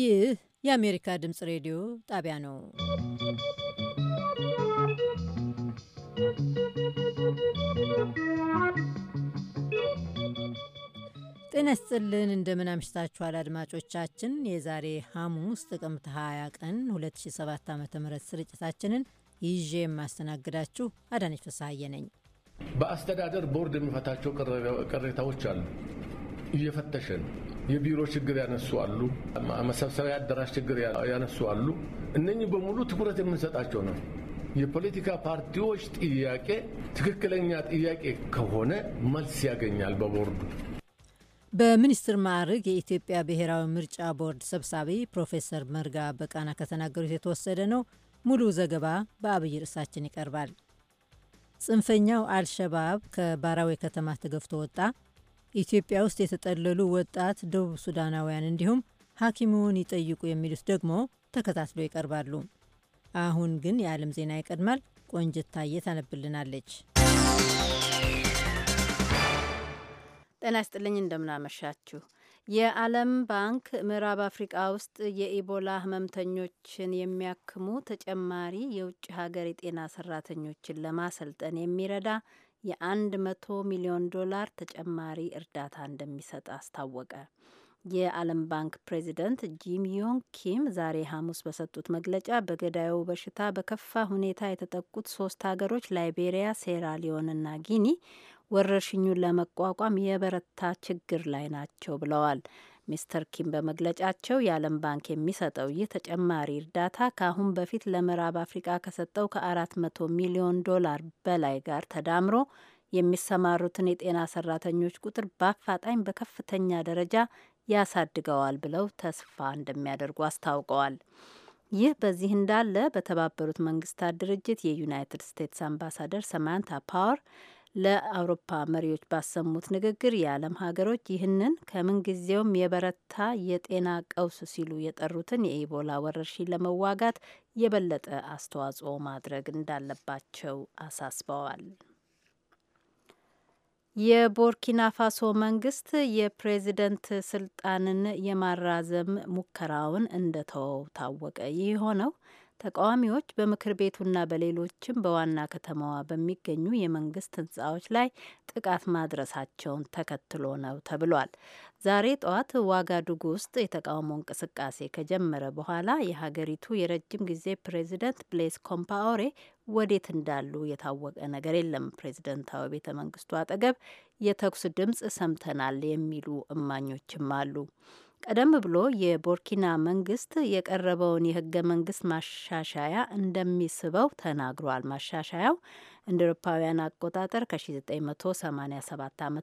ይህ የአሜሪካ ድምፅ ሬዲዮ ጣቢያ ነው። ጤና ይስጥልን እንደምን አምሽታችኋል አድማጮቻችን። የዛሬ ሐሙስ ጥቅምት 20 ቀን 2007 ዓ.ም ስርጭታችንን ይዤ የማስተናግዳችሁ አዳነች ፍስሐዬ ነኝ። በአስተዳደር ቦርድ የሚፈታቸው ቅሬታዎች አሉ፣ እየፈተሸ የቢሮ ችግር ያነሱ አሉ፣ መሰብሰቢያ አዳራሽ ችግር ያነሱ አሉ። እነኚህ በሙሉ ትኩረት የምንሰጣቸው ነው። የፖለቲካ ፓርቲዎች ጥያቄ ትክክለኛ ጥያቄ ከሆነ መልስ ያገኛል በቦርዱ። በሚኒስትር ማዕረግ የኢትዮጵያ ብሔራዊ ምርጫ ቦርድ ሰብሳቢ ፕሮፌሰር መርጋ በቃና ከተናገሩት የተወሰደ ነው። ሙሉ ዘገባ በአብይ ርዕሳችን ይቀርባል። ጽንፈኛው አልሸባብ ከባራዌ ከተማ ተገፍቶ ወጣ፣ ኢትዮጵያ ውስጥ የተጠለሉ ወጣት ደቡብ ሱዳናውያን እንዲሁም ሐኪሙን ይጠይቁ የሚሉት ደግሞ ተከታትሎ ይቀርባሉ። አሁን ግን የዓለም ዜና ይቀድማል። ቆንጅት ታዬ ታነብልናለች። ጤና ይስጥልኝ እንደምናመሻችሁ። የዓለም ባንክ ምዕራብ አፍሪቃ ውስጥ የኢቦላ ህመምተኞችን የሚያክሙ ተጨማሪ የውጭ ሀገር የጤና ሰራተኞችን ለማሰልጠን የሚረዳ የአንድ መቶ ሚሊዮን ዶላር ተጨማሪ እርዳታ እንደሚሰጥ አስታወቀ። የዓለም ባንክ ፕሬዚደንት ጂም ዮንግ ኪም ዛሬ ሐሙስ በሰጡት መግለጫ በገዳዩ በሽታ በከፋ ሁኔታ የተጠቁት ሶስት ሀገሮች ላይቤሪያ፣ ሴራሊዮንና ጊኒ ወረርሽኙን ለመቋቋም የበረታ ችግር ላይ ናቸው ብለዋል። ሚስተር ኪም በመግለጫቸው የዓለም ባንክ የሚሰጠው ይህ ተጨማሪ እርዳታ ከአሁን በፊት ለምዕራብ አፍሪቃ ከሰጠው ከ400 ሚሊዮን ዶላር በላይ ጋር ተዳምሮ የሚሰማሩትን የጤና ሰራተኞች ቁጥር በአፋጣኝ በከፍተኛ ደረጃ ያሳድገዋል ብለው ተስፋ እንደሚያደርጉ አስታውቀዋል። ይህ በዚህ እንዳለ በተባበሩት መንግስታት ድርጅት የዩናይትድ ስቴትስ አምባሳደር ሰማንታ ፓወር ለአውሮፓ መሪዎች ባሰሙት ንግግር የዓለም ሀገሮች ይህንን ከምንጊዜውም የበረታ የጤና ቀውስ ሲሉ የጠሩትን የኢቦላ ወረርሽኝ ለመዋጋት የበለጠ አስተዋጽኦ ማድረግ እንዳለባቸው አሳስበዋል። የቦርኪና ፋሶ መንግስት የፕሬዚደንት ስልጣንን የማራዘም ሙከራውን እንደተወው ታወቀ። ይህ ሆነው ተቃዋሚዎች በምክር ቤቱና በሌሎችም በዋና ከተማዋ በሚገኙ የመንግስት ህንጻዎች ላይ ጥቃት ማድረሳቸውን ተከትሎ ነው ተብሏል። ዛሬ ጠዋት ዋጋዱጉ ውስጥ የተቃውሞ እንቅስቃሴ ከጀመረ በኋላ የሀገሪቱ የረጅም ጊዜ ፕሬዚደንት ብሌስ ኮምፓኦሬ ወዴት እንዳሉ የታወቀ ነገር የለም። ፕሬዚደንታዊ ቤተ መንግስቱ አጠገብ የተኩስ ድምፅ ሰምተናል የሚሉ እማኞችም አሉ። ቀደም ብሎ የቦርኪና መንግስት የቀረበውን የህገ መንግስት ማሻሻያ እንደሚስበው ተናግሯል። ማሻሻያው እንደ አውሮፓውያን አቆጣጠር ከ1987 ዓ ም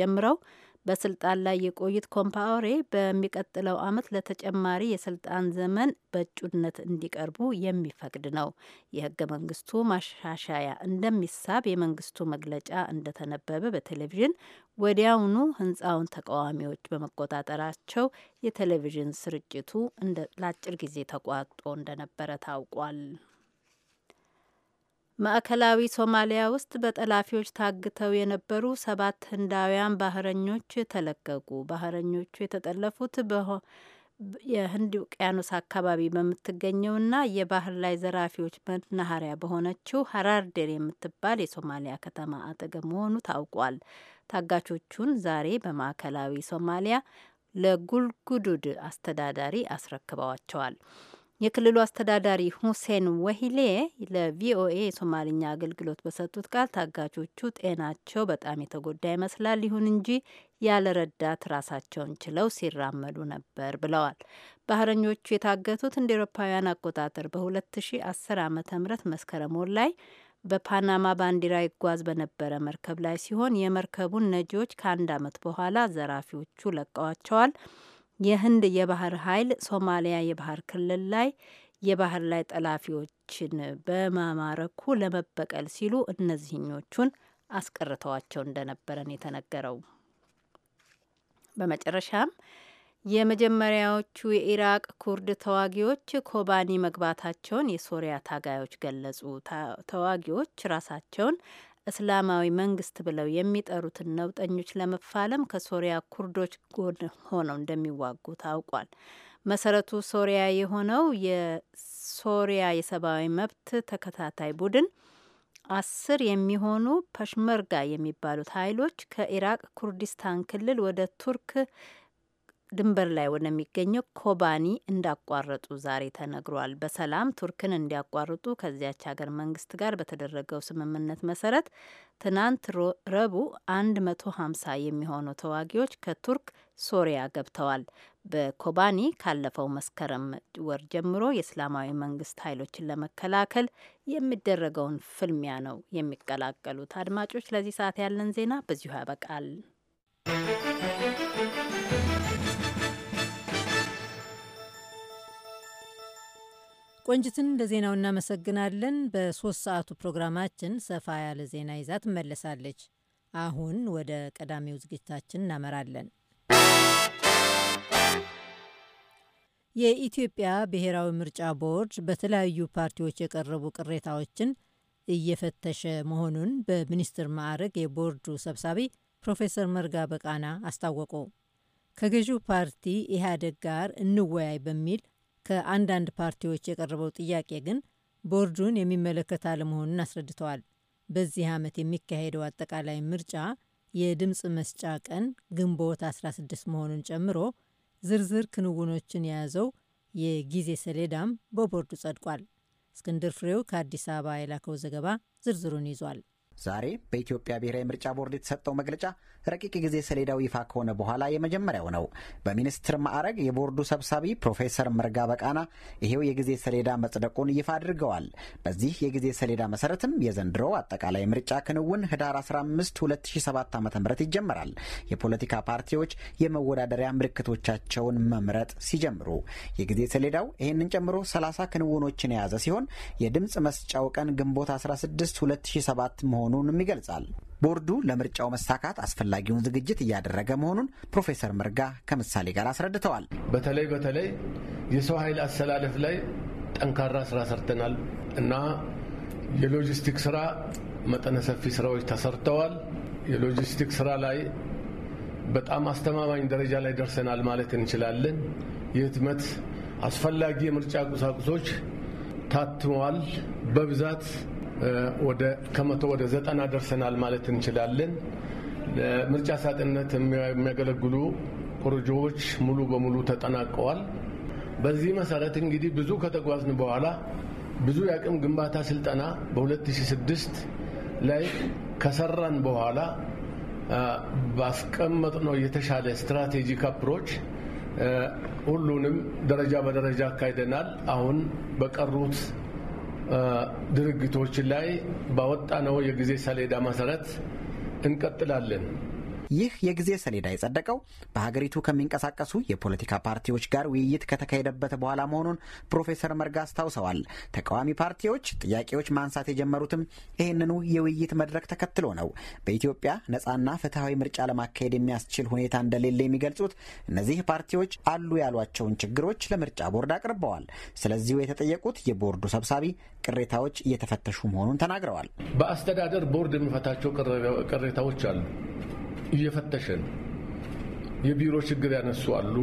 ጀምረው በስልጣን ላይ የቆዩት ኮምፓወሬ በሚቀጥለው ዓመት ለተጨማሪ የስልጣን ዘመን በእጩነት እንዲቀርቡ የሚፈቅድ ነው። የህገ መንግስቱ ማሻሻያ እንደሚሳብ የመንግስቱ መግለጫ እንደተነበበ በቴሌቪዥን ወዲያውኑ ህንፃውን ተቃዋሚዎች በመቆጣጠራቸው የቴሌቪዥን ስርጭቱ ለአጭር ጊዜ ተቋጦ እንደነበረ ታውቋል። ማዕከላዊ ሶማሊያ ውስጥ በጠላፊዎች ታግተው የነበሩ ሰባት ህንዳውያን ባህረኞች ተለቀቁ። ባህረኞቹ የተጠለፉት የህንድ ውቅያኖስ አካባቢ በምትገኘውና የባህር ላይ ዘራፊዎች መናኸሪያ በሆነችው ሀራርዴር የምትባል የሶማሊያ ከተማ አጠገብ መሆኑ ታውቋል። ታጋቾቹን ዛሬ በማዕከላዊ ሶማሊያ ለጉልጉዱድ አስተዳዳሪ አስረክበዋቸዋል። የክልሉ አስተዳዳሪ ሁሴን ወሂሌ ለቪኦኤ የሶማልኛ አገልግሎት በሰጡት ቃል ታጋቾቹ ጤናቸው በጣም የተጎዳ ይመስላል። ይሁን እንጂ ያለረዳት ራሳቸውን ችለው ሲራመዱ ነበር ብለዋል። ባህረኞቹ የታገቱት እንደ ኤሮፓውያን አቆጣጠር በ2010 ዓ ም መስከረም ወር ላይ በፓናማ ባንዲራ ይጓዝ በነበረ መርከብ ላይ ሲሆን የመርከቡን ነጂዎች ከአንድ ዓመት በኋላ ዘራፊዎቹ ለቀዋቸዋል። የህንድ የባህር ኃይል ሶማሊያ የባህር ክልል ላይ የባህር ላይ ጠላፊዎችን በማማረኩ ለመበቀል ሲሉ እነዚህኞቹን አስቀርተዋቸው እንደነበረን የተነገረው። በመጨረሻም የመጀመሪያዎቹ የኢራቅ ኩርድ ተዋጊዎች ኮባኒ መግባታቸውን የሶሪያ ታጋዮች ገለጹ። ተዋጊዎች ራሳቸውን እስላማዊ መንግስት ብለው የሚጠሩትን ነውጠኞች ለመፋለም ከሶሪያ ኩርዶች ጎን ሆነው እንደሚዋጉ ታውቋል። መሰረቱ ሶሪያ የሆነው የሶሪያ የሰብአዊ መብት ተከታታይ ቡድን አስር የሚሆኑ ፐሽመርጋ የሚባሉት ኃይሎች ከኢራቅ ኩርዲስታን ክልል ወደ ቱርክ ድንበር ላይ ወደሚገኘው ኮባኒ እንዳቋረጡ ዛሬ ተነግሯል። በሰላም ቱርክን እንዲያቋርጡ ከዚያች ሀገር መንግስት ጋር በተደረገው ስምምነት መሰረት ትናንት ረቡዕ 150 የሚሆኑ ተዋጊዎች ከቱርክ ሶሪያ ገብተዋል። በኮባኒ ካለፈው መስከረም ወር ጀምሮ የእስላማዊ መንግስት ኃይሎችን ለመከላከል የሚደረገውን ፍልሚያ ነው የሚቀላቀሉት። አድማጮች፣ ለዚህ ሰዓት ያለን ዜና በዚሁ ያበቃል። ቆንጅትን ለዜናው እናመሰግናለን። በሶስት ሰዓቱ ፕሮግራማችን ሰፋ ያለ ዜና ይዛ ትመለሳለች። አሁን ወደ ቀዳሚው ዝግጅታችን እናመራለን። የኢትዮጵያ ብሔራዊ ምርጫ ቦርድ በተለያዩ ፓርቲዎች የቀረቡ ቅሬታዎችን እየፈተሸ መሆኑን በሚኒስትር ማዕረግ የቦርዱ ሰብሳቢ ፕሮፌሰር መርጋ በቃና አስታወቁ። ከገዢው ፓርቲ ኢህአዴግ ጋር እንወያይ በሚል ከአንዳንድ ፓርቲዎች የቀረበው ጥያቄ ግን ቦርዱን የሚመለከት አለመሆኑን አስረድተዋል። በዚህ ዓመት የሚካሄደው አጠቃላይ ምርጫ የድምፅ መስጫ ቀን ግንቦት 16 መሆኑን ጨምሮ ዝርዝር ክንውኖችን የያዘው የጊዜ ሰሌዳም በቦርዱ ጸድቋል። እስክንድር ፍሬው ከአዲስ አበባ የላከው ዘገባ ዝርዝሩን ይዟል። ዛሬ በኢትዮጵያ ብሔራዊ ምርጫ ቦርድ የተሰጠው መግለጫ ረቂቅ ጊዜ ሰሌዳው ይፋ ከሆነ በኋላ የመጀመሪያው ነው። በሚኒስትር ማዕረግ የቦርዱ ሰብሳቢ ፕሮፌሰር መርጋ በቃና ይሄው የጊዜ ሰሌዳ መጽደቁን ይፋ አድርገዋል። በዚህ የጊዜ ሰሌዳ መሰረትም የዘንድሮ አጠቃላይ ምርጫ ክንውን ህዳር 15 2007 ዓ ም ይጀመራል። የፖለቲካ ፓርቲዎች የመወዳደሪያ ምልክቶቻቸውን መምረጥ ሲጀምሩ የጊዜ ሰሌዳው ይህንን ጨምሮ 30 ክንውኖችን የያዘ ሲሆን የድምፅ መስጫው ቀን ግንቦት 16 2007 መሆኑ መሆኑንም ይገልጻል። ቦርዱ ለምርጫው መሳካት አስፈላጊውን ዝግጅት እያደረገ መሆኑን ፕሮፌሰር መርጋ ከምሳሌ ጋር አስረድተዋል። በተለይ በተለይ የሰው ኃይል አሰላለፍ ላይ ጠንካራ ስራ ሰርተናል እና የሎጂስቲክ ስራ መጠነ ሰፊ ስራዎች ተሰርተዋል። የሎጂስቲክ ስራ ላይ በጣም አስተማማኝ ደረጃ ላይ ደርሰናል ማለት እንችላለን። የህትመት አስፈላጊ የምርጫ ቁሳቁሶች ታትመዋል በብዛት ወደ ከመቶ ወደ ዘጠና ደርሰናል ማለት እንችላለን። ለምርጫ ሳጥንነት የሚያገለግሉ ኮረጆዎች ሙሉ በሙሉ ተጠናቀዋል። በዚህ መሰረት እንግዲህ ብዙ ከተጓዝን በኋላ ብዙ የአቅም ግንባታ ስልጠና በ2006 ላይ ከሰራን በኋላ ባስቀመጥነው የተሻለ ስትራቴጂክ አፕሮች ሁሉንም ደረጃ በደረጃ አካሂደናል። አሁን በቀሩት ድርጊቶች ላይ ባወጣነው የጊዜ ሰሌዳ መሰረት እንቀጥላለን። ይህ የጊዜ ሰሌዳ የጸደቀው በሀገሪቱ ከሚንቀሳቀሱ የፖለቲካ ፓርቲዎች ጋር ውይይት ከተካሄደበት በኋላ መሆኑን ፕሮፌሰር መርጋ አስታውሰዋል። ተቃዋሚ ፓርቲዎች ጥያቄዎች ማንሳት የጀመሩትም ይህንኑ የውይይት መድረክ ተከትሎ ነው። በኢትዮጵያ ነጻና ፍትሐዊ ምርጫ ለማካሄድ የሚያስችል ሁኔታ እንደሌለ የሚገልጹት እነዚህ ፓርቲዎች አሉ ያሏቸውን ችግሮች ለምርጫ ቦርድ አቅርበዋል። ስለዚሁ የተጠየቁት የቦርዱ ሰብሳቢ ቅሬታዎች እየተፈተሹ መሆኑን ተናግረዋል። በአስተዳደር ቦርድ የሚፈታቸው ቅሬታዎች አሉ። እየፈተሸ ነው። የቢሮ ችግር ያነሱ አሉ።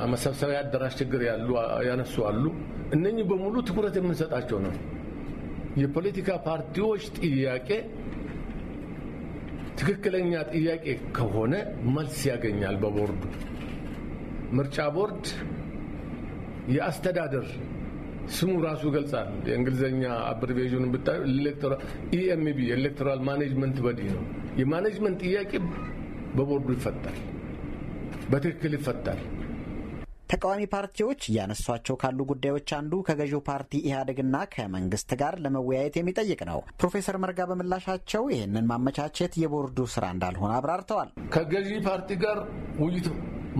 የመሰብሰቢያ አዳራሽ ችግር ያነሱ አሉ። እነኚህ በሙሉ ትኩረት የምንሰጣቸው ነው። የፖለቲካ ፓርቲዎች ጥያቄ ትክክለኛ ጥያቄ ከሆነ መልስ ያገኛል በቦርዱ። ምርጫ ቦርድ የአስተዳደር ስሙ ራሱ ይገልጻል። የእንግሊዝኛ አብሪቬዥኑ ብታዩ ኢኤምቢ ኤሌክቶራል ማኔጅመንት በዲ ነው። የማኔጅመንት ጥያቄ በቦርዱ ይፈታል፣ በትክክል ይፈታል። ተቃዋሚ ፓርቲዎች እያነሷቸው ካሉ ጉዳዮች አንዱ ከገዢው ፓርቲ ኢህአዴግና ከመንግስት ጋር ለመወያየት የሚጠይቅ ነው። ፕሮፌሰር መርጋ በምላሻቸው ይህንን ማመቻቸት የቦርዱ ስራ እንዳልሆነ አብራርተዋል። ከገዢ ፓርቲ ጋር ውይይት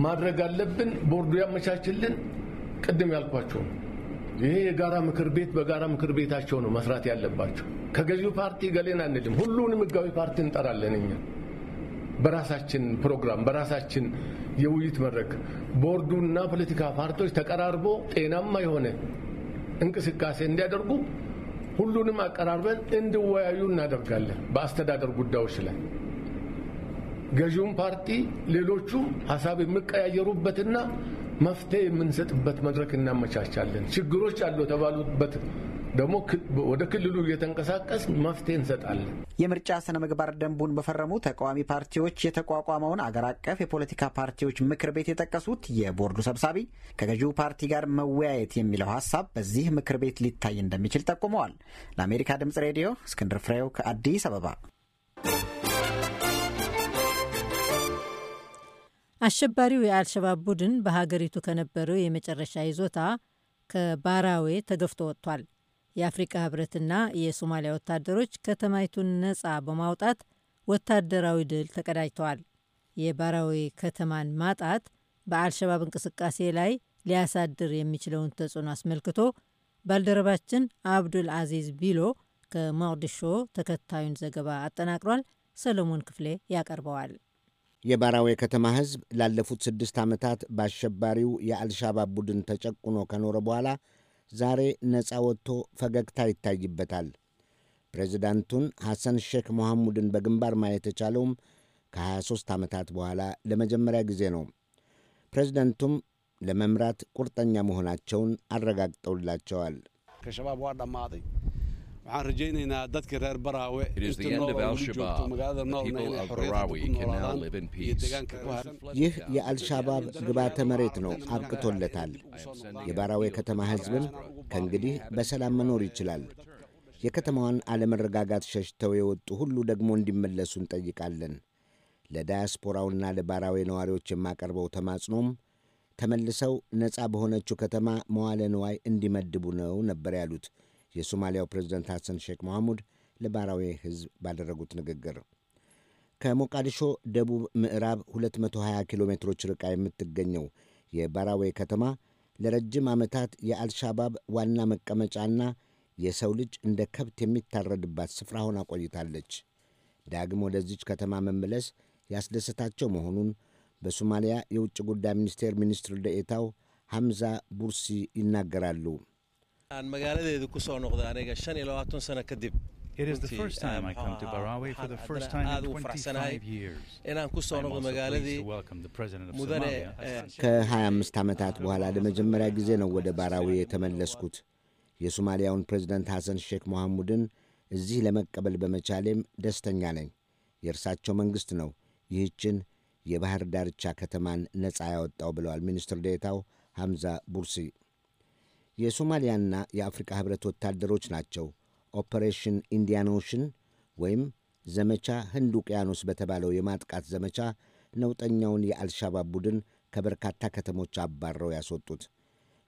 ማድረግ አለብን፣ ቦርዱ ያመቻችልን። ቅድም ያልኳቸው ይሄ የጋራ ምክር ቤት በጋራ ምክር ቤታቸው ነው መስራት ያለባቸው። ከገዢው ፓርቲ ገሌን አንልም። ሁሉንም ህጋዊ ፓርቲ እንጠራለን እኛ በራሳችን ፕሮግራም በራሳችን የውይይት መድረክ ቦርዱና ፖለቲካ ፓርቲዎች ተቀራርቦ ጤናማ የሆነ እንቅስቃሴ እንዲያደርጉ ሁሉንም አቀራርበን እንዲወያዩ እናደርጋለን። በአስተዳደር ጉዳዮች ላይ ገዢውም ፓርቲ ሌሎቹ ሀሳብ የሚቀያየሩበትና መፍትሄ የምንሰጥበት መድረክ እናመቻቻለን። ችግሮች አሉ የተባሉበት ደግሞ ወደ ክልሉ እየተንቀሳቀስ መፍትሄ እንሰጣለን። የምርጫ ስነ ምግባር ደንቡን በፈረሙ ተቃዋሚ ፓርቲዎች የተቋቋመውን አገር አቀፍ የፖለቲካ ፓርቲዎች ምክር ቤት የጠቀሱት የቦርዱ ሰብሳቢ ከገዢው ፓርቲ ጋር መወያየት የሚለው ሀሳብ በዚህ ምክር ቤት ሊታይ እንደሚችል ጠቁመዋል። ለአሜሪካ ድምጽ ሬዲዮ እስክንድር ፍሬው ከአዲስ አበባ አሸባሪው የአልሸባብ ቡድን በሀገሪቱ ከነበረው የመጨረሻ ይዞታ ከባራዌ ተገፍቶ ወጥቷል። የአፍሪካ ህብረትና የሶማሊያ ወታደሮች ከተማይቱን ነፃ በማውጣት ወታደራዊ ድል ተቀዳጅተዋል። የባራዌ ከተማን ማጣት በአልሸባብ እንቅስቃሴ ላይ ሊያሳድር የሚችለውን ተጽዕኖ አስመልክቶ ባልደረባችን አብዱል አዚዝ ቢሎ ከሞቅዲሾ ተከታዩን ዘገባ አጠናቅሯል። ሰለሞን ክፍሌ ያቀርበዋል። የባራዌ ከተማ ሕዝብ ላለፉት ስድስት ዓመታት በአሸባሪው የአልሻባብ ቡድን ተጨቁኖ ከኖረ በኋላ ዛሬ ነፃ ወጥቶ ፈገግታ ይታይበታል። ፕሬዚዳንቱን ሐሰን ሼክ መሐሙድን በግንባር ማየት የቻለውም ከ23 ዓመታት በኋላ ለመጀመሪያ ጊዜ ነው። ፕሬዚዳንቱም ለመምራት ቁርጠኛ መሆናቸውን አረጋግጠውላቸዋል። waxaan rajaynaynaa dadka reer baraawe ይህ የአልሻባብ ግባተ መሬት ነው፣ አብቅቶለታል። የባራዌ ከተማ ሕዝብም ከእንግዲህ በሰላም መኖር ይችላል። የከተማዋን አለመረጋጋት ሸሽተው የወጡ ሁሉ ደግሞ እንዲመለሱ እንጠይቃለን። ለዳያስፖራውና ለባራዌ ነዋሪዎች የማቀርበው ተማጽኖም ተመልሰው ነፃ በሆነችው ከተማ መዋለ ንዋይ እንዲመድቡ ነው ነበር ያሉት የሶማሊያው ፕሬዚደንት ሐሰን ሼክ መሐሙድ ለባራዌ ሕዝብ ባደረጉት ንግግር ከሞቃዲሾ ደቡብ ምዕራብ 220 ኪሎ ሜትሮች ርቃ የምትገኘው የባራዌ ከተማ ለረጅም ዓመታት የአልሻባብ ዋና መቀመጫና የሰው ልጅ እንደ ከብት የሚታረድባት ስፍራ ሆና ቆይታለች። ዳግም ወደዚች ከተማ መመለስ ያስደሰታቸው መሆኑን በሶማሊያ የውጭ ጉዳይ ሚኒስቴር ሚኒስትር ደኤታው ሐምዛ ቡርሲ ይናገራሉ። aan magaaladeedu ku soo noqday aniga shan iyo labaatan sano kadib ah, inaan ku soo noqdo magaaladii mudane ከ25 ዓመታት በኋላ ለመጀመሪያ ጊዜ ነው ወደ ባራዊ የተመለስኩት። የሶማሊያውን ፕሬዚደንት ሐሰን ሼክ ሞሐሙድን እዚህ ለመቀበል በመቻሌም ደስተኛ ነኝ። የእርሳቸው መንግሥት ነው ይህችን የባህር ዳርቻ ከተማን ነፃ ያወጣው ብለዋል ሚኒስትር ዴታው ሐምዛ ቡርሲ። የሶማሊያና የአፍሪካ ህብረት ወታደሮች ናቸው ኦፐሬሽን ኢንዲያን ኦሽን ወይም ዘመቻ ህንድ ውቅያኖስ በተባለው የማጥቃት ዘመቻ ነውጠኛውን የአልሻባብ ቡድን ከበርካታ ከተሞች አባረው ያስወጡት።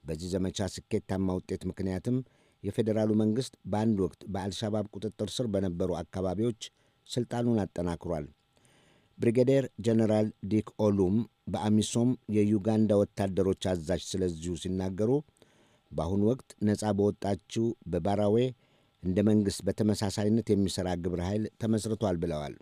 በዚህ ዘመቻ ስኬታማ ውጤት ምክንያትም የፌዴራሉ መንግሥት በአንድ ወቅት በአልሻባብ ቁጥጥር ስር በነበሩ አካባቢዎች ሥልጣኑን አጠናክሯል። ብሪጌዴር ጀነራል ዲክ ኦሉም በአሚሶም የዩጋንዳ ወታደሮች አዛዥ ስለዚሁ ሲናገሩ በአሁኑ ወቅት ነፃ በወጣችው በባራዌ እንደ መንግሥት በተመሳሳይነት የሚሠራ ግብረ ኃይል ተመስርቷል ብለዋል።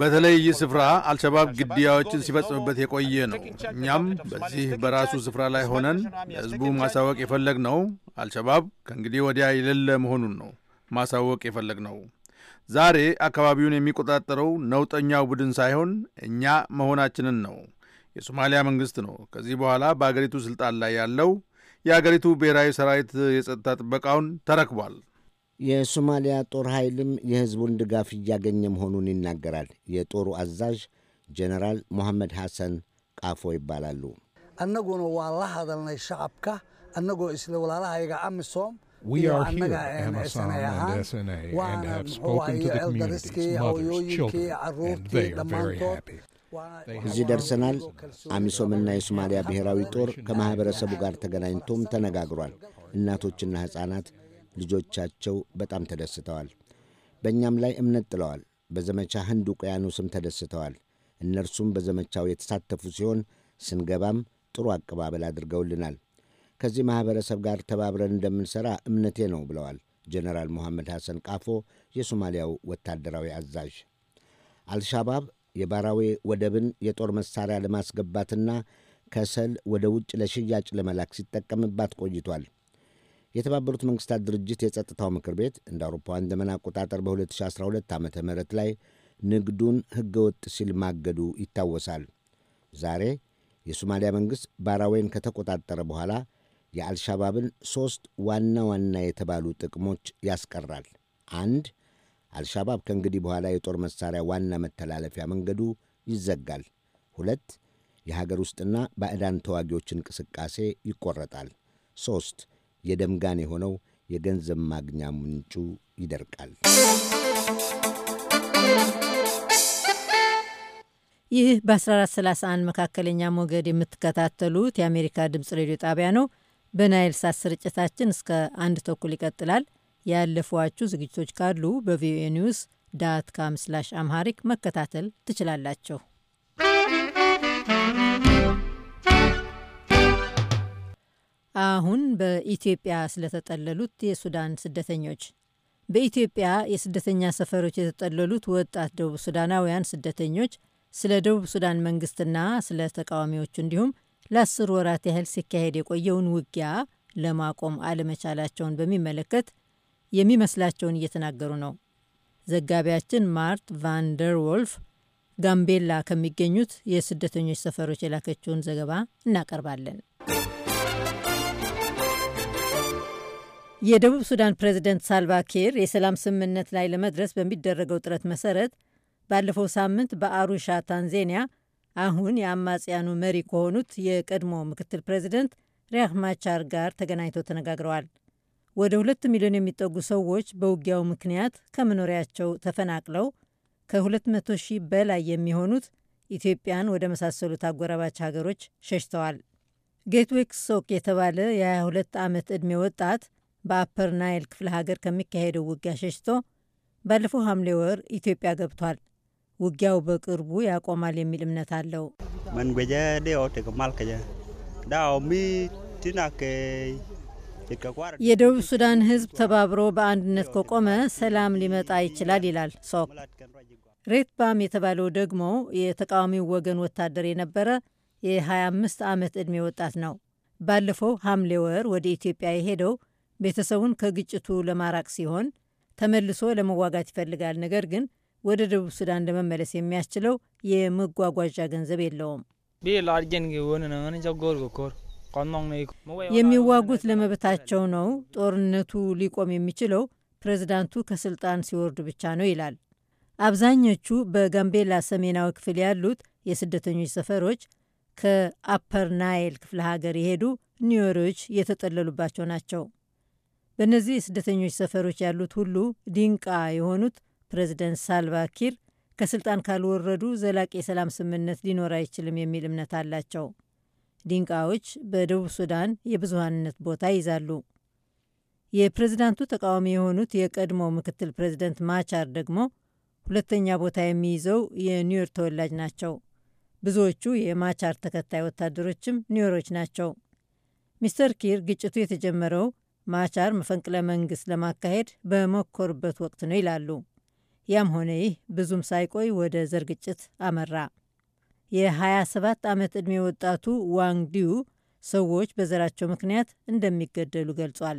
በተለይ ይህ ስፍራ አልሸባብ ግድያዎችን ሲፈጽምበት የቆየ ነው። እኛም በዚህ በራሱ ስፍራ ላይ ሆነን ለሕዝቡ ማሳወቅ የፈለግነው አልሸባብ ከእንግዲህ ወዲያ የሌለ መሆኑን ነው። ማሳወቅ የፈለግ ነው። ዛሬ አካባቢውን የሚቆጣጠረው ነውጠኛው ቡድን ሳይሆን እኛ መሆናችንን ነው። የሶማሊያ መንግስት ነው። ከዚህ በኋላ በአገሪቱ ስልጣን ላይ ያለው የአገሪቱ ብሔራዊ ሰራዊት የጸጥታ ጥበቃውን ተረክቧል። የሶማሊያ ጦር ኃይልም የህዝቡን ድጋፍ እያገኘ መሆኑን ይናገራል። የጦሩ አዛዥ ጀነራል ሞሐመድ ሐሰን ቃፎ ይባላሉ። አነጉነ ዋላ ሀደልናይ ሻዓብካ እነጎ እስለ ወላላሃይጋ አምሶም We are here, uh, Amazon uh, and SNA, and have um, spoken to the communities, mothers, children, uh, and they are very happy. እዚህ ደርሰናል። አሚሶምና የሶማሊያ ብሔራዊ ጦር ከማኅበረሰቡ ጋር ተገናኝቶም ተነጋግሯል። እናቶችና ሕፃናት ልጆቻቸው በጣም ተደስተዋል። በእኛም ላይ እምነት ጥለዋል። በዘመቻ ህንድ ውቅያኖስም ተደስተዋል። እነርሱም በዘመቻው የተሳተፉ ሲሆን ስንገባም ጥሩ አቀባበል አድርገውልናል። ከዚህ ማኅበረሰብ ጋር ተባብረን እንደምንሠራ እምነቴ ነው ብለዋል ጀነራል መሐመድ ሐሰን ቃፎ የሶማሊያው ወታደራዊ አዛዥ። አልሻባብ የባራዌ ወደብን የጦር መሣሪያ ለማስገባትና ከሰል ወደ ውጭ ለሽያጭ ለመላክ ሲጠቀምባት ቆይቷል። የተባበሩት መንግሥታት ድርጅት የጸጥታው ምክር ቤት እንደ አውሮፓውያን ዘመን አቆጣጠር በ2012 ዓ ም ላይ ንግዱን ሕገወጥ ሲል ማገዱ ይታወሳል። ዛሬ የሶማሊያ መንግሥት ባራዌን ከተቆጣጠረ በኋላ የአልሻባብን ሦስት ዋና ዋና የተባሉ ጥቅሞች ያስቀራል። አንድ፣ አልሻባብ ከእንግዲህ በኋላ የጦር መሳሪያ ዋና መተላለፊያ መንገዱ ይዘጋል። ሁለት፣ የሀገር ውስጥና ባዕዳን ተዋጊዎች እንቅስቃሴ ይቆረጣል። ሦስት፣ የደምጋን የሆነው የገንዘብ ማግኛ ምንጩ ይደርቃል። ይህ በ1431 መካከለኛ ሞገድ የምትከታተሉት የአሜሪካ ድምፅ ሬዲዮ ጣቢያ ነው። በናይል ሳት ስርጭታችን እስከ አንድ ተኩል ይቀጥላል። ያለፏችሁ ዝግጅቶች ካሉ በቪኦኤ ኒውስ ዳት ካም ስላሽ አምሃሪክ መከታተል ትችላላችሁ። አሁን በኢትዮጵያ ስለተጠለሉት የሱዳን ስደተኞች በኢትዮጵያ የስደተኛ ሰፈሮች የተጠለሉት ወጣት ደቡብ ሱዳናውያን ስደተኞች ስለ ደቡብ ሱዳን መንግስትና ስለ ተቃዋሚዎቹ እንዲሁም ለአስር ወራት ያህል ሲካሄድ የቆየውን ውጊያ ለማቆም አለመቻላቸውን በሚመለከት የሚመስላቸውን እየተናገሩ ነው። ዘጋቢያችን ማርት ቫንደር ወልፍ ጋምቤላ ከሚገኙት የስደተኞች ሰፈሮች የላከችውን ዘገባ እናቀርባለን። የደቡብ ሱዳን ፕሬዝደንት ሳልቫኪር የሰላም ስምምነት ላይ ለመድረስ በሚደረገው ጥረት መሰረት ባለፈው ሳምንት በአሩሻ ታንዜኒያ አሁን የአማጽያኑ መሪ ከሆኑት የቀድሞ ምክትል ፕሬዚደንት ሪያክ ማቻር ጋር ተገናኝተው ተነጋግረዋል። ወደ ሁለት ሚሊዮን የሚጠጉ ሰዎች በውጊያው ምክንያት ከመኖሪያቸው ተፈናቅለው ከ200 ሺህ በላይ የሚሆኑት ኢትዮጵያን ወደ መሳሰሉት አጎራባች ሀገሮች ሸሽተዋል። ጌትዌክ ሶክ የተባለ የ22 ዓመት ዕድሜ ወጣት በአፐር ናይል ክፍለ ሀገር ከሚካሄደው ውጊያ ሸሽቶ ባለፈው ሐምሌ ወር ኢትዮጵያ ገብቷል። ውጊያው በቅርቡ ያቆማል የሚል እምነት አለው። የደቡብ ሱዳን ሕዝብ ተባብሮ በአንድነት ከቆመ ሰላም ሊመጣ ይችላል ይላል ሶክ። ሬትባም የተባለው ደግሞ የተቃዋሚው ወገን ወታደር የነበረ የ25 ዓመት ዕድሜ ወጣት ነው። ባለፈው ሐምሌ ወር ወደ ኢትዮጵያ የሄደው ቤተሰቡን ከግጭቱ ለማራቅ ሲሆን ተመልሶ ለመዋጋት ይፈልጋል። ነገር ግን ወደ ደቡብ ሱዳን ለመመለስ የሚያስችለው የመጓጓዣ ገንዘብ የለውም። የሚዋጉት ለመብታቸው ነው። ጦርነቱ ሊቆም የሚችለው ፕሬዝዳንቱ ከስልጣን ሲወርዱ ብቻ ነው ይላል። አብዛኞቹ በጋምቤላ ሰሜናዊ ክፍል ያሉት የስደተኞች ሰፈሮች ከአፐር ናይል ክፍለ ሀገር የሄዱ ኒዮሪዎች የተጠለሉባቸው ናቸው። በእነዚህ የስደተኞች ሰፈሮች ያሉት ሁሉ ዲንቃ የሆኑት ፕሬዚደንት ሳልቫኪር ከስልጣን ካልወረዱ ዘላቂ የሰላም ስምምነት ሊኖር አይችልም የሚል እምነት አላቸው። ዲንቃዎች በደቡብ ሱዳን የብዙሀንነት ቦታ ይዛሉ። የፕሬዝዳንቱ ተቃዋሚ የሆኑት የቀድሞ ምክትል ፕሬዚደንት ማቻር ደግሞ ሁለተኛ ቦታ የሚይዘው የኒውዮርክ ተወላጅ ናቸው። ብዙዎቹ የማቻር ተከታይ ወታደሮችም ኒውዮሮች ናቸው። ሚስተር ኪር ግጭቱ የተጀመረው ማቻር መፈንቅለ መንግስት ለማካሄድ በሞከሩበት ወቅት ነው ይላሉ። ያም ሆነ ይህ ብዙም ሳይቆይ ወደ ዘር ግጭት አመራ። የ27 ዓመት ዕድሜ ወጣቱ ዋንግ ዲዩ ሰዎች በዘራቸው ምክንያት እንደሚገደሉ ገልጿል።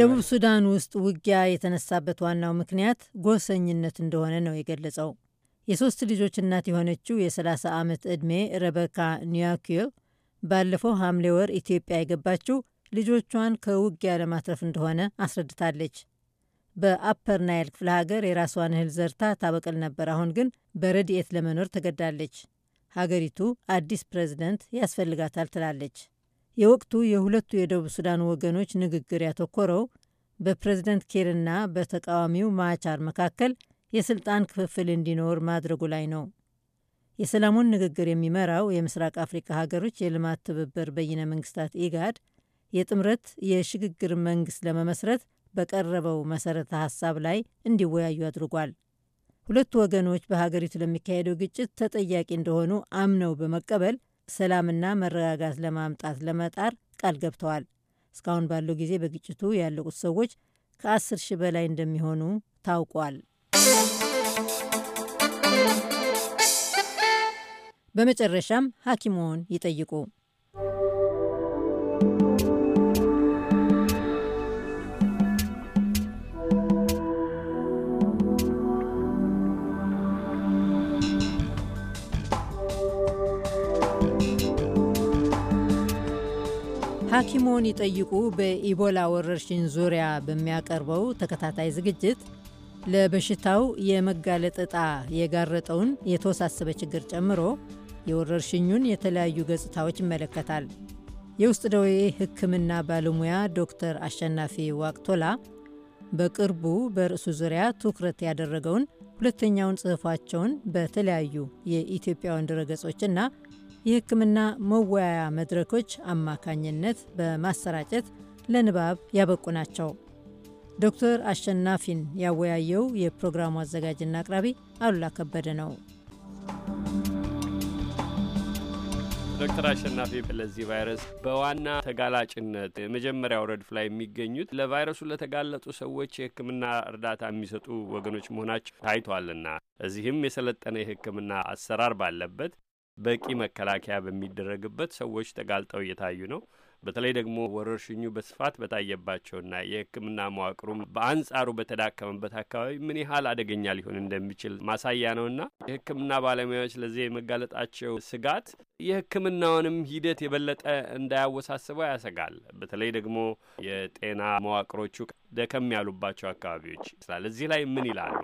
ደቡብ ሱዳን ውስጥ ውጊያ የተነሳበት ዋናው ምክንያት ጎሰኝነት እንደሆነ ነው የገለጸው። የሶስት ልጆች እናት የሆነችው የ30 ዓመት ዕድሜ ረበካ ኒያኪዮ ባለፈው ሐምሌ ወር ኢትዮጵያ የገባችው ልጆቿን ከውጊያ ለማትረፍ እንደሆነ አስረድታለች። በአፐር ናይል ክፍለ ሀገር የራሷን እህል ዘርታ ታበቅል ነበር። አሁን ግን በረድኤት ለመኖር ተገዳለች። ሀገሪቱ አዲስ ፕሬዝደንት ያስፈልጋታል ትላለች። የወቅቱ የሁለቱ የደቡብ ሱዳን ወገኖች ንግግር ያተኮረው በፕሬዝደንት ኬርና በተቃዋሚው ማቻር መካከል የስልጣን ክፍፍል እንዲኖር ማድረጉ ላይ ነው። የሰላሙን ንግግር የሚመራው የምስራቅ አፍሪካ ሀገሮች የልማት ትብብር በይነ መንግስታት ኢጋድ የጥምረት የሽግግር መንግስት ለመመስረት በቀረበው መሰረተ ሀሳብ ላይ እንዲወያዩ አድርጓል። ሁለቱ ወገኖች በሀገሪቱ ለሚካሄደው ግጭት ተጠያቂ እንደሆኑ አምነው በመቀበል ሰላምና መረጋጋት ለማምጣት ለመጣር ቃል ገብተዋል። እስካሁን ባለው ጊዜ በግጭቱ ያለቁት ሰዎች ከአስር ሺህ በላይ እንደሚሆኑ ታውቋል። በመጨረሻም ሐኪሞን ይጠይቁ ሐኪሞን ይጠይቁ በኢቦላ ወረርሽኝ ዙሪያ በሚያቀርበው ተከታታይ ዝግጅት ለበሽታው የመጋለጥ ዕጣ የጋረጠውን የተወሳሰበ ችግር ጨምሮ የወረርሽኙን የተለያዩ ገጽታዎች ይመለከታል። የውስጥ ደዌ ሕክምና ባለሙያ ዶክተር አሸናፊ ዋቅቶላ በቅርቡ በርዕሱ ዙሪያ ትኩረት ያደረገውን ሁለተኛውን ጽሑፋቸውን በተለያዩ የኢትዮጵያውያን ድረገጾችና የሕክምና መወያያ መድረኮች አማካኝነት በማሰራጨት ለንባብ ያበቁ ናቸው። ዶክተር አሸናፊን ያወያየው የፕሮግራሙ አዘጋጅና አቅራቢ አሉላ ከበደ ነው። ዶክተር አሸናፊ ለዚህ ቫይረስ በዋና ተጋላጭነት የመጀመሪያው ረድፍ ላይ የሚገኙት ለቫይረሱ ለተጋለጡ ሰዎች የህክምና እርዳታ የሚሰጡ ወገኖች መሆናቸው ታይቷልና እዚህም የሰለጠነ የህክምና አሰራር ባለበት በቂ መከላከያ በሚደረግበት ሰዎች ተጋልጠው እየታዩ ነው። በተለይ ደግሞ ወረርሽኙ በስፋት በታየባቸውና የሕክምና መዋቅሩም በአንጻሩ በተዳከመበት አካባቢ ምን ያህል አደገኛ ሊሆን እንደሚችል ማሳያ ነውና የሕክምና ባለሙያዎች ለዚህ የመጋለጣቸው ስጋት የሕክምናውንም ሂደት የበለጠ እንዳያወሳስበው ያሰጋል። በተለይ ደግሞ የጤና መዋቅሮቹ ደከም ያሉባቸው አካባቢዎች ይችላል። እዚህ ላይ ምን ይላሉ?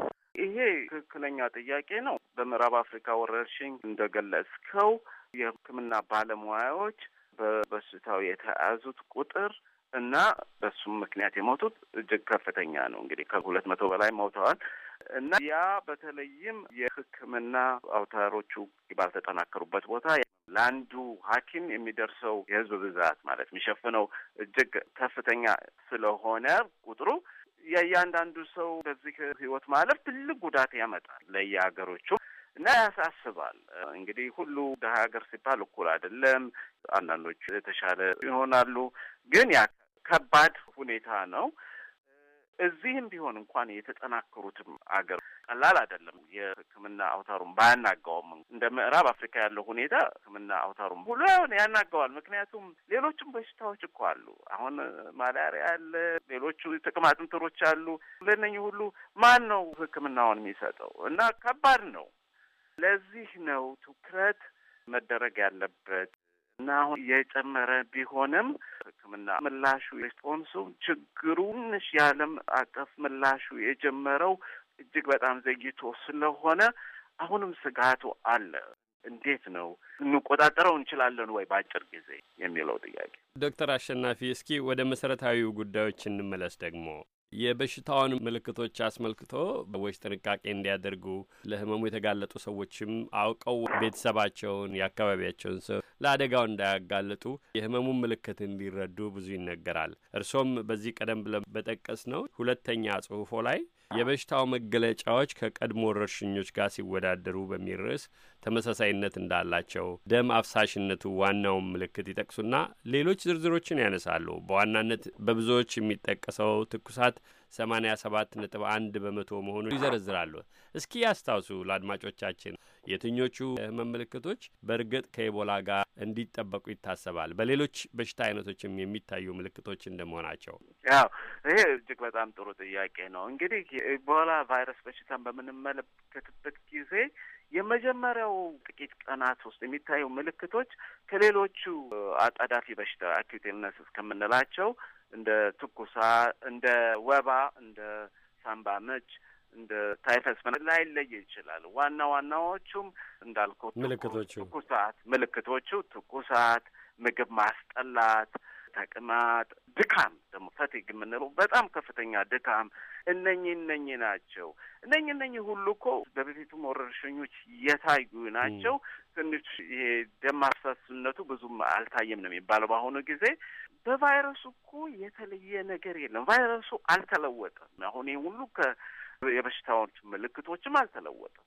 ይሄ ትክክለኛ ጥያቄ ነው። በምዕራብ አፍሪካ ወረርሽኝ እንደገለጽከው የሕክምና ባለሙያዎች በበሽታው የተያዙት ቁጥር እና በሱም ምክንያት የሞቱት እጅግ ከፍተኛ ነው። እንግዲህ ከሁለት መቶ በላይ ሞተዋል እና ያ በተለይም የሕክምና አውታሮቹ ባልተጠናከሩበት ቦታ ለአንዱ ሐኪም የሚደርሰው የህዝብ ብዛት ማለት የሚሸፍነው እጅግ ከፍተኛ ስለሆነ ቁጥሩ የእያንዳንዱ ሰው በዚህ ህይወት ማለፍ ትልቅ ጉዳት ያመጣል ለየሀገሮቹ እና ያሳስባል። እንግዲህ ሁሉ ሀገር ሲባል እኩል አይደለም። አንዳንዶቹ የተሻለ ይሆናሉ። ግን ያ ከባድ ሁኔታ ነው። እዚህም ቢሆን እንኳን የተጠናከሩትም አገር ቀላል አይደለም። የሕክምና አውታሩን ባያናገውም እንደ ምዕራብ አፍሪካ ያለው ሁኔታ ሕክምና አውታሩም ሁሉ ያናገዋል ምክንያቱም ሌሎችም በሽታዎች እኮ አሉ። አሁን ማላሪያ አለ፣ ሌሎቹ ጥቅማ አሉ። ለነኝ ሁሉ ማን ነው ሕክምናውን የሚሰጠው? እና ከባድ ነው። ለዚህ ነው ትኩረት መደረግ ያለበት እና አሁን የጨመረ ቢሆንም ህክምና ምላሹ ሬስፖንሱ ችግሩን ያለም አቀፍ ምላሹ የጀመረው እጅግ በጣም ዘግይቶ ስለሆነ አሁንም ስጋቱ አለ። እንዴት ነው እንቆጣጠረው እንችላለን ወይ በአጭር ጊዜ የሚለው ጥያቄ። ዶክተር አሸናፊ እስኪ ወደ መሰረታዊው ጉዳዮች እንመለስ ደግሞ የበሽታውን ምልክቶች አስመልክቶ ሰዎች ጥንቃቄ እንዲያደርጉ ለህመሙ የተጋለጡ ሰዎችም አውቀው ቤተሰባቸውን፣ የአካባቢያቸውን ሰው ለአደጋው እንዳያጋልጡ የህመሙን ምልክት እንዲረዱ ብዙ ይነገራል። እርሶም በዚህ ቀደም ብለን በጠቀስ ነው ሁለተኛ ጽሁፎ ላይ የበሽታው መገለጫዎች ከቀድሞ ወረርሽኞች ጋር ሲወዳደሩ በሚል ርዕስ ተመሳሳይነት እንዳላቸው ደም አፍሳሽነቱ ዋናውን ምልክት ይጠቅሱና ሌሎች ዝርዝሮችን ያነሳሉ። በዋናነት በብዙዎች የሚጠቀሰው ትኩሳት 87 ነጥብ 1 በመቶ መሆኑን ይዘረዝራሉ። እስኪ ያስታውሱ ለአድማጮቻችን የትኞቹ ህመም ምልክቶች በእርግጥ ከኢቦላ ጋር እንዲጠበቁ ይታሰባል። በሌሎች በሽታ አይነቶችም የሚታዩ ምልክቶች እንደመሆናቸው። ያው ይሄ እጅግ በጣም ጥሩ ጥያቄ ነው። እንግዲህ የኢቦላ ቫይረስ በሽታን በምንመለከትበት ጊዜ የመጀመሪያው ጥቂት ቀናት ውስጥ የሚታዩ ምልክቶች ከሌሎቹ አጣዳፊ በሽታ አኪዩት ኢልነስ እስከምንላቸው እንደ ትኩሳ፣ እንደ ወባ፣ እንደ ሳምባ ምች እንደ ታይፈስ ላይለይ ይችላል። ዋና ዋናዎቹም እንዳልኩት ምልክቶቹ ትኩሳት፣ ምልክቶቹ ትኩሳት፣ ምግብ ማስጠላት፣ ተቅማጥ፣ ድካም ደግሞ ፈቲግ የምንለው በጣም ከፍተኛ ድካም እነኚህ እነኚህ ናቸው። እነኚህ እነኚህ ሁሉ እኮ በበፊቱም ወረርሽኞች የታዩ ናቸው። ትንሽ ይሄ ደም ማፍሰስነቱ ብዙም አልታየም ነው የሚባለው። በአሁኑ ጊዜ በቫይረሱ እኮ የተለየ ነገር የለም። ቫይረሱ አልተለወጠም። አሁን ይህ ሁሉ ከ- የበሽታዎች ምልክቶችም አልተለወጠም።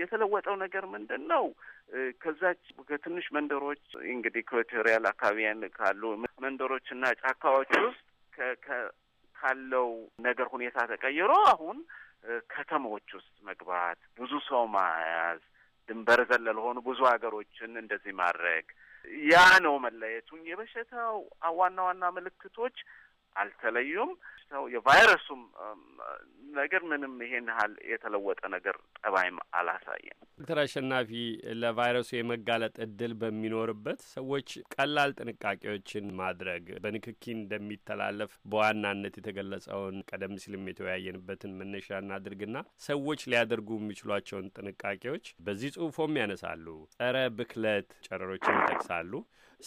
የተለወጠው ነገር ምንድን ነው? ከዛች ከትንሽ መንደሮች እንግዲህ ኢኳቶሪያል አካባቢያን ካሉ መንደሮች እና ጫካዎች ውስጥ ካለው ነገር ሁኔታ ተቀይሮ አሁን ከተሞች ውስጥ መግባት፣ ብዙ ሰው መያዝ፣ ድንበር ዘለል ሆኑ ብዙ ሀገሮችን እንደዚህ ማድረግ ያ ነው መለየቱም። የበሽታው ዋና ዋና ምልክቶች አልተለዩም። በሽታው የቫይረሱም ነገር ምንም ይሄን ያህል የተለወጠ ነገር ጠባይም አላሳየም። ዶክተር አሸናፊ ለቫይረሱ የመጋለጥ እድል በሚኖርበት ሰዎች ቀላል ጥንቃቄዎችን ማድረግ በንክኪ እንደሚተላለፍ በዋናነት የተገለጸውን ቀደም ሲልም የተወያየንበትን መነሻ እናድርግና ሰዎች ሊያደርጉ የሚችሏቸውን ጥንቃቄዎች በዚህ ጽሁፎም ያነሳሉ። ጸረ ብክለት ጨረሮችን ይጠቅሳሉ።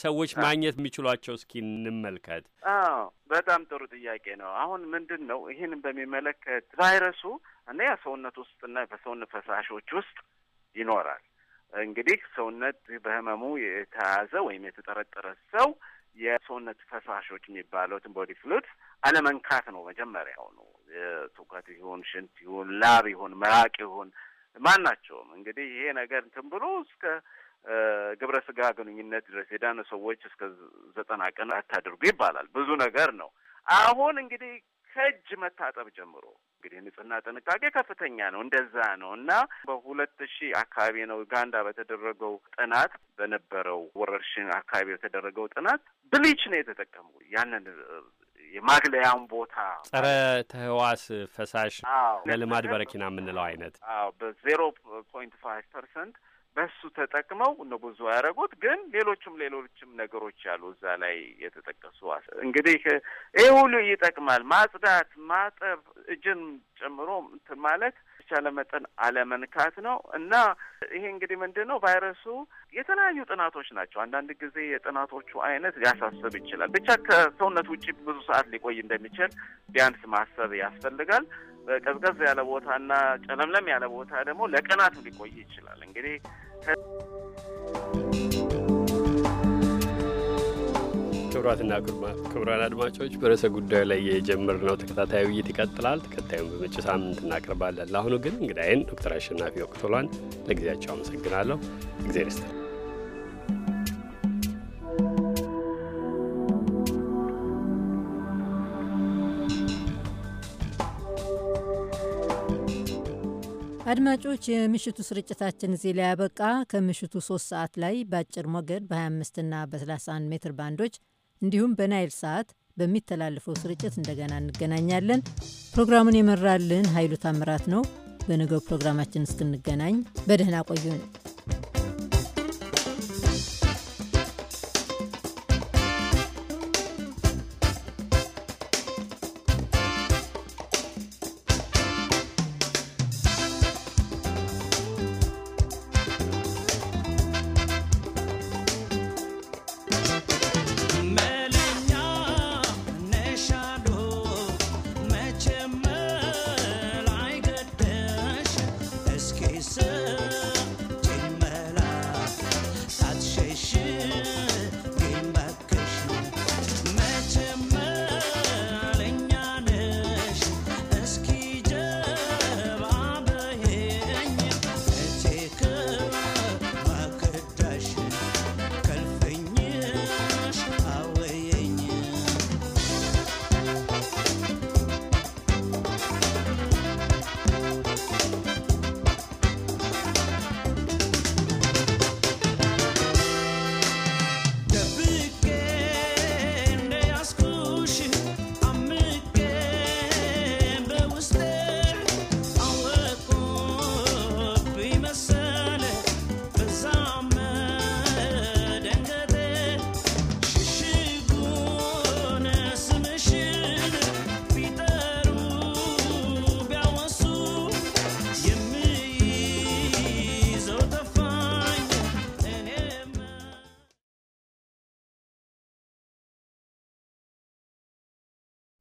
ሰዎች ማግኘት የሚችሏቸው እስኪ እንመልከት። አዎ በጣም ጥሩ ጥያቄ ነው። አሁን ምንድን ነው ይህን በሚመለከት ቫይረሱ እና ያ ሰውነት ውስጥ ውስጥና በሰውነት ፈሳሾች ውስጥ ይኖራል። እንግዲህ ሰውነት በህመሙ የተያዘ ወይም የተጠረጠረ ሰው የሰውነት ፈሳሾች የሚባሉትን ቦዲ ፍሉት አለመንካት ነው መጀመሪያው ነው። ትውከት ይሁን ሽንት ይሁን ላብ ይሁን ምራቅ ይሁን ማናቸውም እንግዲህ ይሄ ነገር እንትን ብሎ እስከ ግብረ ስጋ ግንኙነት ድረስ የዳነ ሰዎች እስከ ዘጠና ቀን አታድርጉ ይባላል። ብዙ ነገር ነው። አሁን እንግዲህ ከእጅ መታጠብ ጀምሮ እንግዲህ ንጽህና ጥንቃቄ ከፍተኛ ነው። እንደዛ ነው እና በሁለት ሺህ አካባቢ ነው ዩጋንዳ በተደረገው ጥናት በነበረው ወረርሽኝ አካባቢ በተደረገው ጥናት ብሊች ነው የተጠቀሙ ያንን የማግለያውን ቦታ ጸረ ተህዋስ ፈሳሽ ለልማድ በረኪና የምንለው አይነት አዎ በዜሮ ፖይንት ፋይቭ ፐርሰንት በሱ ተጠቅመው እነ ብዙ ያደረጉት ግን ሌሎችም ሌሎችም ነገሮች አሉ እዛ ላይ የተጠቀሱ። እንግዲህ ይህ ሁሉ ይጠቅማል። ማጽዳት፣ ማጠብ እጅን ጨምሮ እንትን ማለት በተቻለ መጠን አለመንካት ነው እና ይሄ እንግዲህ ምንድን ነው ቫይረሱ የተለያዩ ጥናቶች ናቸው። አንዳንድ ጊዜ የጥናቶቹ አይነት ሊያሳስብ ይችላል። ብቻ ከሰውነት ውጭ ብዙ ሰዓት ሊቆይ እንደሚችል ቢያንስ ማሰብ ያስፈልጋል። ቀዝቀዝ ያለ ቦታና ጨለምለም ያለ ቦታ ደግሞ ለቀናት ሊቆይ ይችላል እንግዲህ ክቡራትና ክቡራን አድማጮች በርዕሰ ጉዳዩ ላይ የጀመርነው ተከታታይ ውይይት ይቀጥላል። ተከታዩን በመጪ ሳምንት እናቀርባለን። ለአሁኑ ግን እንግዳይን ዶክተር አሸናፊ ወቅቶሏን ለጊዜያቸው አመሰግናለሁ። እግዜር ይስጥልኝ። አድማጮች የምሽቱ ስርጭታችን እዚህ ላይ ያበቃ። ከምሽቱ ሶስት ሰዓት ላይ በአጭር ሞገድ በ25 ና በ31 ሜትር ባንዶች እንዲሁም በናይል ሰዓት በሚተላለፈው ስርጭት እንደገና እንገናኛለን። ፕሮግራሙን የመራልን ኃይሉ ታምራት ነው። በነገው ፕሮግራማችን እስክንገናኝ በደህና ቆዩን።